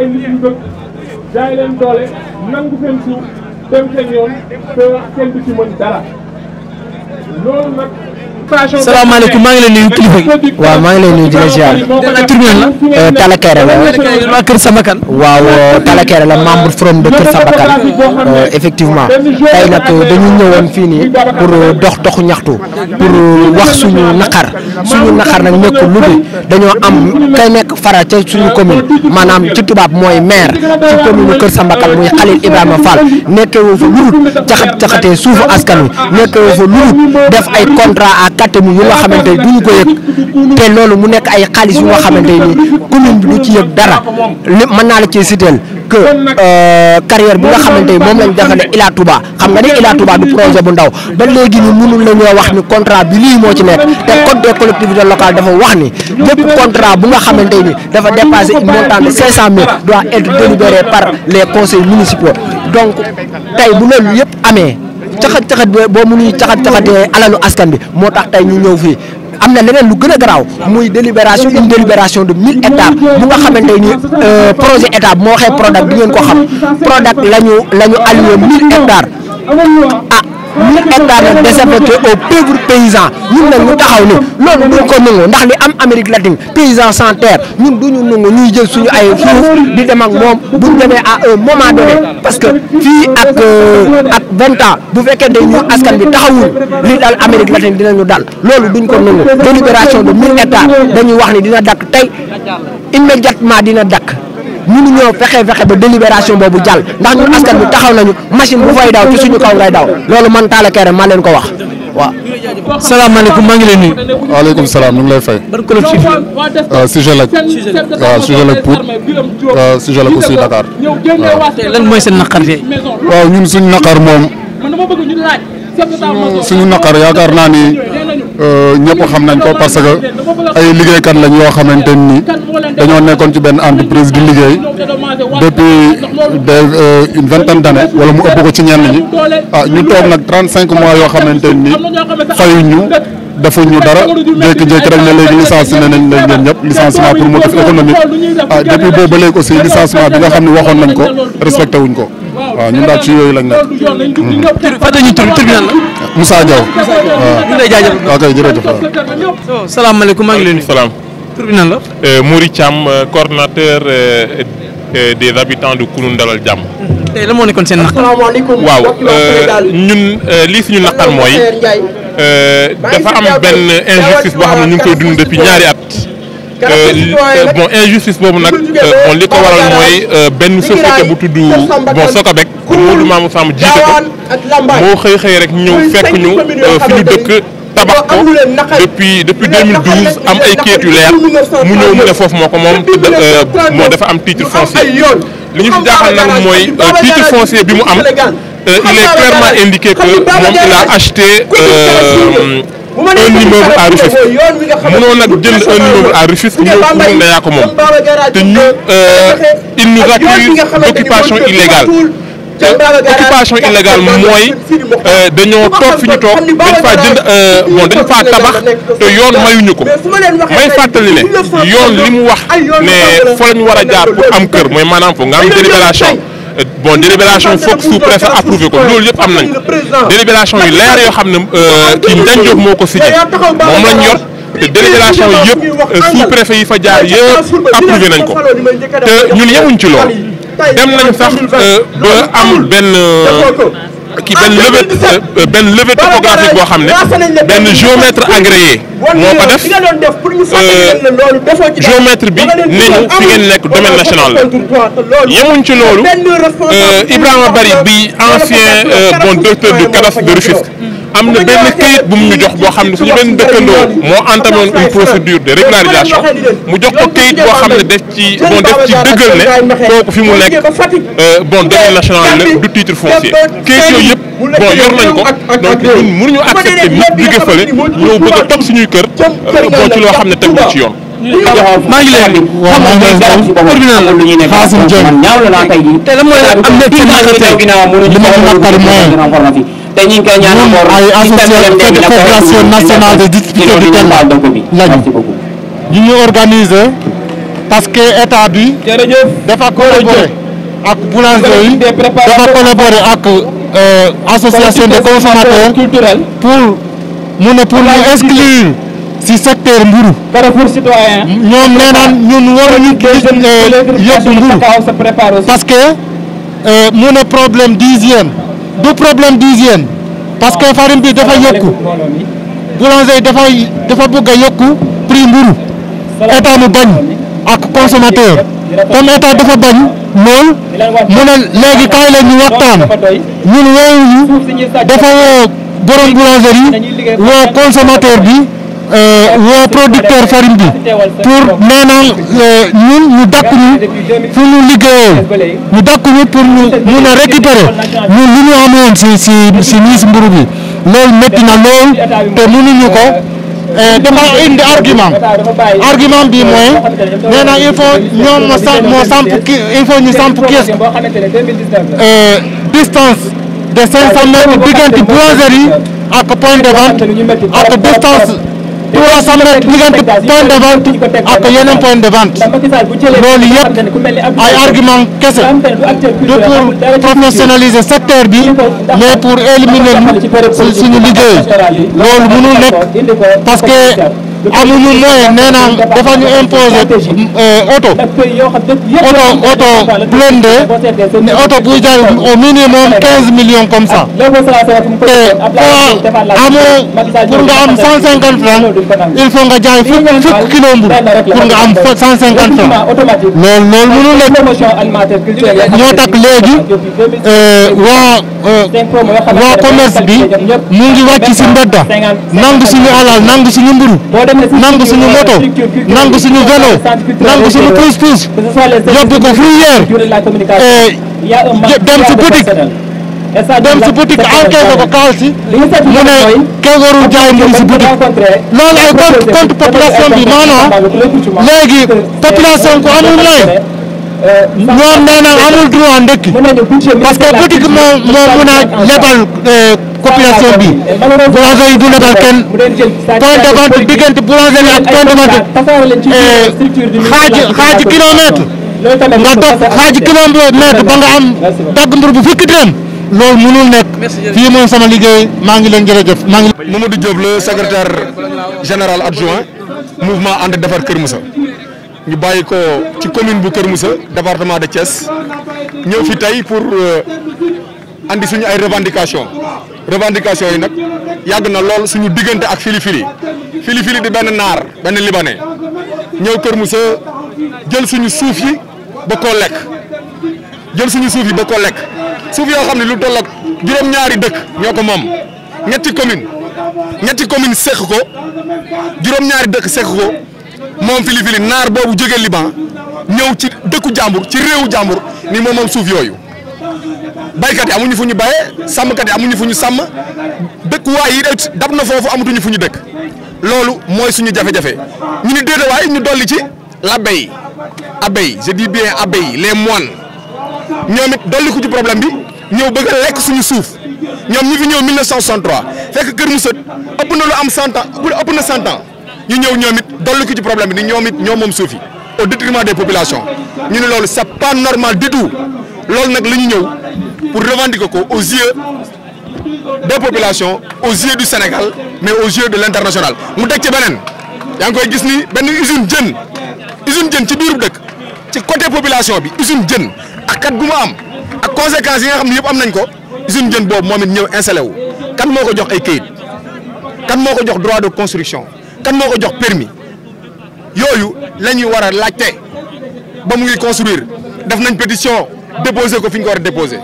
ay nit ñu bëgg jaay leen doole nangu seen suuf dem seen yoon te kenn du ci mën dara loolu nag salaamaaleykum maa ngi lay nuyu kilifa gi. waaw maa ngi lay nuyu di la ziar. Euh, la. Talla Kéré la. waa Kër Sabakan. waaw Talla la membre from de Kër Sabakan euh, effectivement tey nag dañu ñëwoon fii nii pour euh, dox doxu ñaxtu pour wax suñu naqar suñu naqar nag nekkul lu dul dañoo am kay nekk fara ca suñu commune maanaam ci tubaab mooy maire ci commune Kër Sabakan muy Khalil Ibrahima Fall nekkee woo fa lu dul caxat caxatee suufu askan wi nekkee woo ay contrat kattanu yu nga xamante ni duñu ko yëg te loolu mu nekk ay xaalis yu nga xamante ni commune bi du ci yëg dara li mën naa la ci siteel que euh, carrière bi nga xamante ni moom lañ defale Ila tubaa xam nga ne Ila Touba du projet bu ndaw ba léegi ni mënul la wax ni contrat bi lii moo ci nekk te code des collectivités locales dafa wax ni bépp contrat bu nga xamante ni dafa dépasser une montant de 500000 doit être délibéré par les conseils municipaux donc tey bu loolu yëpp amee. caxat caxat boo mu nuy caxat caxatee alalu askan bi moo tax tey ñu ñëw fii am na leneen lu gën a garaaw muy délibération une délibération de mille hectares bu nga xamante ni euh, projet état moo waxee Prodac di ngeen ko xam Prodac la ñu la ñu alloué 1000 hectares ah. ñun état la déserté aux pauvres paysans ñun nag ñu taxaw ni loolu duñ ko nangu ndax li am Amérique latine paysan sans terre ñun duñu nangu ñuy jël suñu ay suuf di dem ak moom buñ demee a un moment donné parce que fii ak euh, ak vingt ans bu fekkee dañ ñu askan bi taxawul li dal Amérique latine dinañu dal loolu duñ ko nangu délibération de mille hectares dañuy wax ni dina dakk tey immédiatement dina dakk mënuñoo fexe fexe ba délibération boobu jàll ndax ñun askan bi taxaw nañu machine bu fay daw ci suñu kaw ngay daw loolu man Talla Kéré maa leen ko wax waaw. salaamaaleykum maa ngi lay nuyu. waaleykum salaam ñu lay fay. ban kuréel si fii. sujet la. waaw sujet la Pout. lan mooy suñu naqar moom. suñu naqar ñëpp xam nañ ko parce que ay liggéeykat lañ yoo xamante ni dañoo nekkoon ci benn entreprise di liggéey depuis des euh, une vingtaine d'années wala mu ëpp ko ci ñenn ñi ah ñu toog nag trente cinq mois yoo xamante ni fayuñu defuñ ñu dara jékki-jékki rek ne léegi licencié nañ leen ñoom ñëpp licenciement pour motif économique ah depuis boobu ba léegi aussi licenciement bi nga xam ne waxoon nañ ko respecté wuñ ko waa ah, ñun daal ci yooyu lañ nekk. tur hmm. fàtte ñu tur waaw ah. maa ngi leen di. salaam tur bi nan la. Euh, Mouri Thiam euh, coordonnateur euh, des habitants de Kounoune Dalal Jàmm. tey lan moo nekkoon seen naqar. waaw ñun lii suñu naqar mooy. dafa am benn injustice boo xam ne ñu ngi koy dund depuis ñaari at. bon injustice boobu nag bon li ko waral mooy benn société bu tudd bon Sokabek Modou Mamou Samb jiite ko moo xëy xëy rek ñëw fekk ñu fi ñu dëkk tabax ko depuis depuis 2012 am ay kayit yu leer mu ñëw mu ne foofu moo ko moom moo dafa am titre foncier li ñu si jaaxal nag mooy titre foncier bi mu am. Euh, il est clairement indiqué que moom il a acheté euh, un immeuble à Rufisque mënoon nag jënd un immeuble à Rufisque ñëw pour ne yaa ko moom te ñu il nous accuse occupation illégale mooy euh, dañoo toog fi ñu toog dañ faa jënd bon dañ faa tabax te yoon mayuñu ko may fàttali ne yoon li mu wax ne fa la war a jaar pour am kër mooy maanaam foofu nga am délibération. bon délibération foog sous-préfet approuvé ko loolu yëpp am nañ ko délibération yu leer yoo xam ne euh, kii Ndiagne Diop moo ko signé moom lañ yor te délibération yëpp euh, sous-préfet yi fa jaar yëpp approuvé nañ ko te ñun yemuñ ci loolu dem nañ sax euh, ba am benn. ki benn levée euh, benn levée topographique boo xam ne benn géomètre agréé mo ko def euh, géomètre bi nañu fi ngeen nekk domaine national la yemuñ ci loolu euh, Ibrahima Bari bi ancien bon directeur du cadastre de Rufisque am na benn kayit bu mu ñu jox boo xam ne suñu benn dëkkandoo moo entamé woon une procédure de régularisation mu jox ko kayit boo xam ne def ci bon def ci dëggal ne kooku fi mu nekk euh, bon domaine national la du titre foncier kayit yooyu yëpp bon yor nañ ko donc ñun mënuñu accepter nit jóge fële ñëw bëgg a topp suñuy kër euh, bon ci loo xam ne tegu ci yoon. maa ngi la xaasum jëm. te a par mooy. te ñu ngi koy nationale de lutte du Téel lañu ñu ñu parce que état bi. jërëjëf dafa collaboré ak euh, association de consommateurs pour mu ne pour ñu exclure si secteur mburu. ñoom nee naan ñun waruñu euh, yóbbu mburu parce que euh, mu ne problème d'hygiène. du problème d'hygiène parce que farine bi dafa yokku boulanger dafay dafa bëgg a yokku prix mburu état mu bañ ak consommateur comme état dafa bañ lool mu ne léegi kaay leen ñu waxtaan ñun woowuñu dafa woo borom boulangerie woo consommateur bi Euh, woo producteur farine bi pour nee na euh, ñun ñu dàkk ñu fu ñu liggéeyee ñu dàkk ñu ñu mun a récupérer ñun ñu amoon si si si niis mburu bi loolu métti na lool te ko euh, dama indi argument argument bi mooy nee na il ñoom moo samp ki distance de 500 mètres diggante boulangerie ak distance. pour rassembler diggante point loolu yëpp ay argument kese du pour professionnaliser secteur bi mais pour éliminer suñu liggéey loolu mënul nekk parce amuñu moyen nee naa dafa ñu imposer oto euh, oto oto blindé ne oto buy jar au minimum quinze millions comme ça te nga am cent cinquante francs il faut jaay fukk fukk kilo mburu nga am cent cinquante francs loolu loolu mënul nekk ñoo tax léegi euh, waa Euh, waa commerce bi mu ngi wàcc si mbedda nangu suñu alal nangu suñu mburu nangu suñu moto nangu suñu vélo nangu suñu pousse-pousse yóbbu ko fourrière euh, dem si boutique dem si boutique enquête ko kaal mu ne kenn warul jaay mburu si boutique loolu ay contre contre population bi non non léegi ko amul lay ñoom nee na amul droit ndëkki parce que boutique moo moo a lebal euh, population bi boulangerie yi du lebal kenn point de vente diggante boulangerie ak point de vente xaaji euh, xaaji kilomètre nga dox xaaji kilomètre ba nga am dagg mbir bu fukki dërëm loolu mënul nekk fii moom sama liggéey maa ngi leen jërëjëf maa ngi. Mamadou Diop le secrétaire général adjoint mouvement ànd defar Kër ñu bàyyi ko ci commune bu Kër Moussa département de Thiès ñëw fi tey pour euh, andi suñu ay revendication revendication yi nag yàgg na lool suñu diggante ak filifili filifili di benn naar benn libanais ñëw Kër Moussa jël suñu suuf yi ba koo lekk jël suñu suuf yi ba koo lekk suuf yoo xam ne lu toll ak juróom-ñaari dëkk ñoo ko moom ñetti commune ñetti commune seq ko juróom-ñaari dëkk seq ko. moom fili fili naar boobu jógee Liban ñëw ci dëkku jàmbur ci réewu jàmbur ni moom moom suuf yooyu baykat yi amuñu fu ñu bayee sàmm yi amuñu fu ñu sàmm dëkkuwaay yi dab na foofu amatuñu fu ñu dëkk loolu mooy suñu jafe-jafe ñu ni déedéet waaye ñu dolli ci l'abbé yi abbé yi je dis bien abbé yi les moines ñoom it dolli ko ci problème bi ñëw bëgg a lekk suñu suuf ñoom ñu fi ñëw 1963 fekk Kër Moussa ëpp na lu am 100 ans ëpp na 100 ñu ñëw ñoom it dolli ko ci problème bi ni ñoom it ñoom moom suuf yi au détriment des populations ñu ne loolu sa pas normal du tu loolu nag la ñu ñëw pour revendiquer ko aux yeux des populations au yeux du Sénégal mais au yeux de l'international mu teg ci beneen yaa ngi koy gis ni benn usine jën usine jën ci biiru dëkk ci côté population bi usine jën ak kat gu mu am ak conséquences yi nga xam ne yëpp am nañ ko usine jën boobu moom it ñëw installé wu kan moo ko jox ay kayit kan moo ko jox droit de construction kan moo ko jox permis yooyu la ñuy war a laajte ba mu ngi construire def nañ pétition déposé ko fi ñu ko war déposé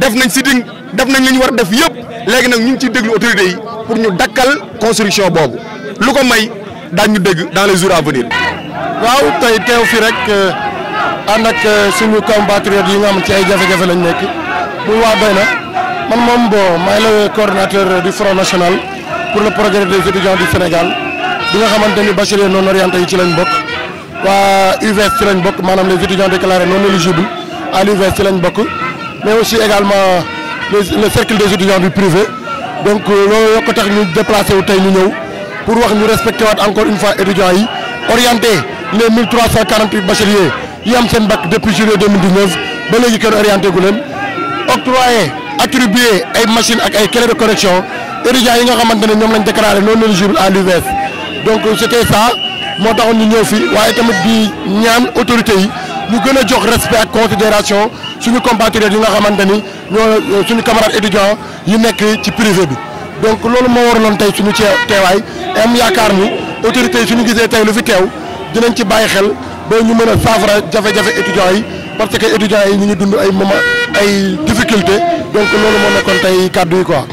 def nañ si sitting def nañ li ñu war a def yëpp léegi nag ñu ngi ciy déglu autorités yi pour ñu dakkal construction boobu lu ko may daañu ñu dégg dans les jours à venir. waaw tey teew fi rek euh, ànd ak euh, suñu compatriotes yi nga xam ci ay jafe-jafe lañ nekk bu waa doy na man moom bon maay le coordonnateur du Front National. pour le progrès des étudiants du Sénégal bi nga xamante ni bachelier non orienté yi ci lañ bokk waa UVS ci lañ bokk maanaam les étudiants déclarés non éligibles à l'UVS ci lañ bokk mais aussi également le cercle des étudiants du privé donc euh, loolu yokk tax ñu déplacé wu tey ñu ñëw pour wax ñu respecté waat encore une fois étudiants yi orienté les 1348 bacheliers yi am seen bac depuis juillet 2019 ba léegi kenn orienté gu leen octroyé attribué ay machines ak ay clés de étudiants yi nga xamante ne ñoom lañ déclaré noonu la jour à l'UVS donc c'était ça moo taxoon ñu ñëw fi waaye tamit bi ñaan autorité yi ñu gën a jox respect ak considération suñu compatriotes yi nga xamante ni ñoo suñu camarades étudiants yi nekk ci privé bi donc loolu moo waraloon tey suñu teewaay am yaakaar ni autorités yi suñu gisee tey lu fi teew dinañ ci bàyyi xel ba ñu mën a saafara jafe-jafe étudiants yi parce que étudiants yi ñu ngi dund ay moment ay difficultés donc loolu moo nekkoon tey kàddu yi quoi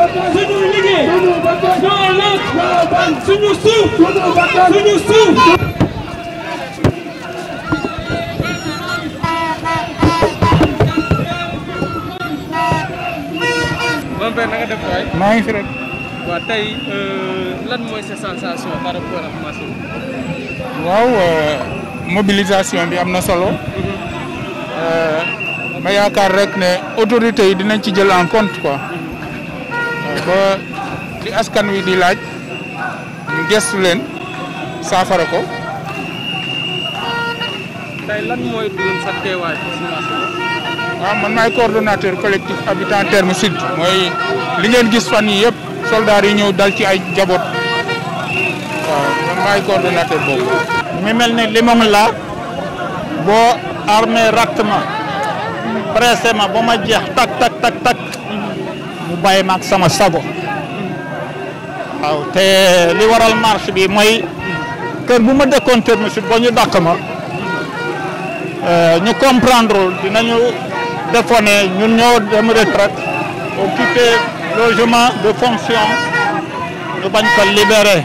suñu ngi fi waaw euh, tey bi. am na solo. Euh, ma yaakaar rek ne autorités yi dinañ ci jël en compte quoi. ba li askan wi di laaj ñu gestu leen saafara ko. tey lan mooy doon waaw ah, man maay coordonnateur collectif habitant terme sud. mooy li ngeen gis fan yi yëpp soldats yi ñëw dal ci ay njaboot. waaw man maay coordonnateur boobu. mi mel ni li moom la boo armé ràtt ma pressé ma ba ma jeex tak tak tak tak. mu bàyyi maag sama sago waaw te li waral marche bi mooy kër bu ma dëkkoon Keur Moussine ba ñu dàq ma euh, ñu comprendre dinañu defoon ne ñun ñoo dem retraite occupé logement de fonction ñu bañ ko libéré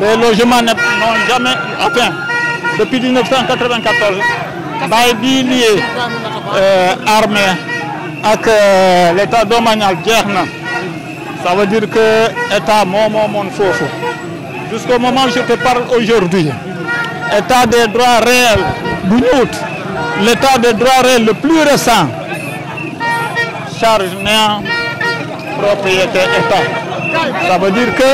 les logements ne n'ont jamais enfin depuis 1994 bail bi lié ak euh, l'état domanial jeex na ça veut dire que état moo moomoon des droits réels bu l'état des droits réels le plus récent charge propriété état ça veut que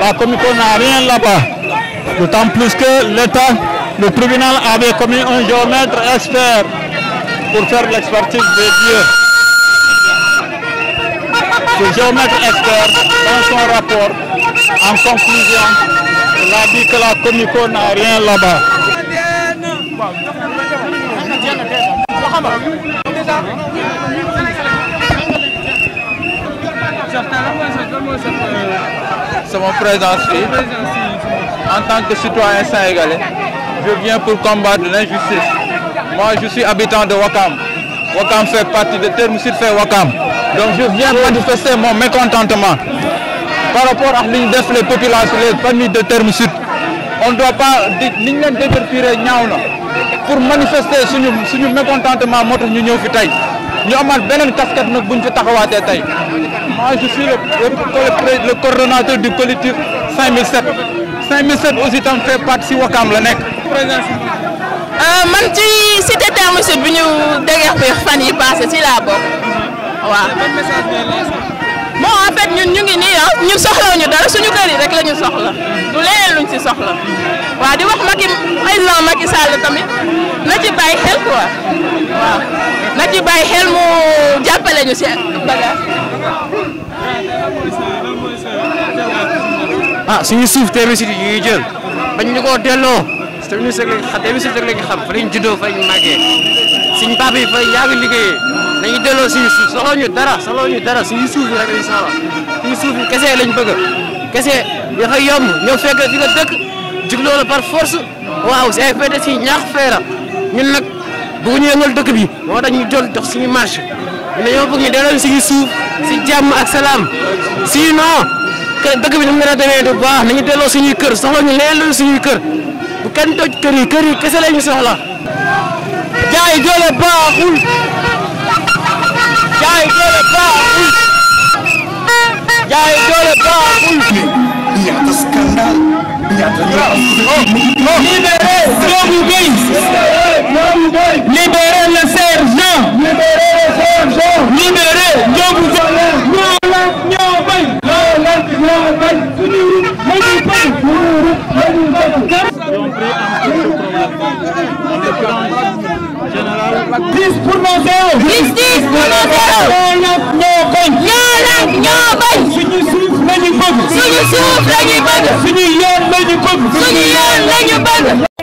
la Comico n'a rien là-bas d'autant plus que l'état le tribunal avait commis un géomètre expert pour faire l'expertise des lieux Ce géomètre expert, dans son rapport, en conclusion, il a dit que la Comico n'a rien là-bas. C'est mon En tant que citoyen sénégalais, je viens pour combattre l'injustice. Moi, je suis habitant de Wakam. Wakam fait partie de Terme Sud fait Wakam. Donc je viens manifester mon mécontentement par rapport à li ñu def les populations les familles de Terme Sud. On ne doit pas di ni ñu leen déperpiré ñaaw na pour manifester suñu suñu mécontentement moo tax ñu ñëw fi tey ñu amaat beneen casquette nag bu buñ fi taxawaatee tey moi je suis le le coordonnateur du collectif 5007. 5007 aussi tam fait partie si Wakam la nekk. Euh, man ci cité Terme Sud bi ñu déggee fan yi passé ci laa bokk waaw. bon en fait ñun ñu ngi nii ah ñun soxlawuñu dara suñu kër yi rek la soxla du leneen luñ ci soxla waaw di wax Macky président Macky Sall tamit na ci bàyyi xel quoi waaw na ci bàyyi xel mu jàppale ñu si bagage. Ah, suñu suuf terme sud yi ñuy jël bañ ñu ko delloo. te ministre rek xam te ministre rek xam fa lañ juddoo fa lañ màggee suñ papa yi fa yaa ngi liggéeyee dañuy delloo suñu suuf soxla ñu dara soxla ñu dara suñu suuf rek lañ soxla suñu suuf kese lañ bëgg kese dafa yomb ñoo fekk fi dëkk jugloo la par force waaw si ay fête si ñaax feera ñun nag bëgg ñu yëngal dëkk bi moo tax ñu doon dox suñu marche ñu ne ñoo bëgg ñu delloo suñu suuf si jàmm ak salaam sinon que dëkk bi ni mu gën a demee du baax nañu delloo suñuy kër soxla ñu leen suñuy kër kenn toj kër yi kër yi kese la ñu soxla. jaay doole baaxul. jaay doole baaxul. jaay doole baaxul. ñaata scandale. ñaata ñaata. libéré Ndiobu Gueye. Ndiobu Gueye. libéré le sergent. libéré le sergent. libéré Ndiobu Gueye. ñoo lan ñoo bañ. ñoo lan ñoo bañ. suuf lañu bëgg suñu yoon lañu bëgg suñu yoon lañu bëgg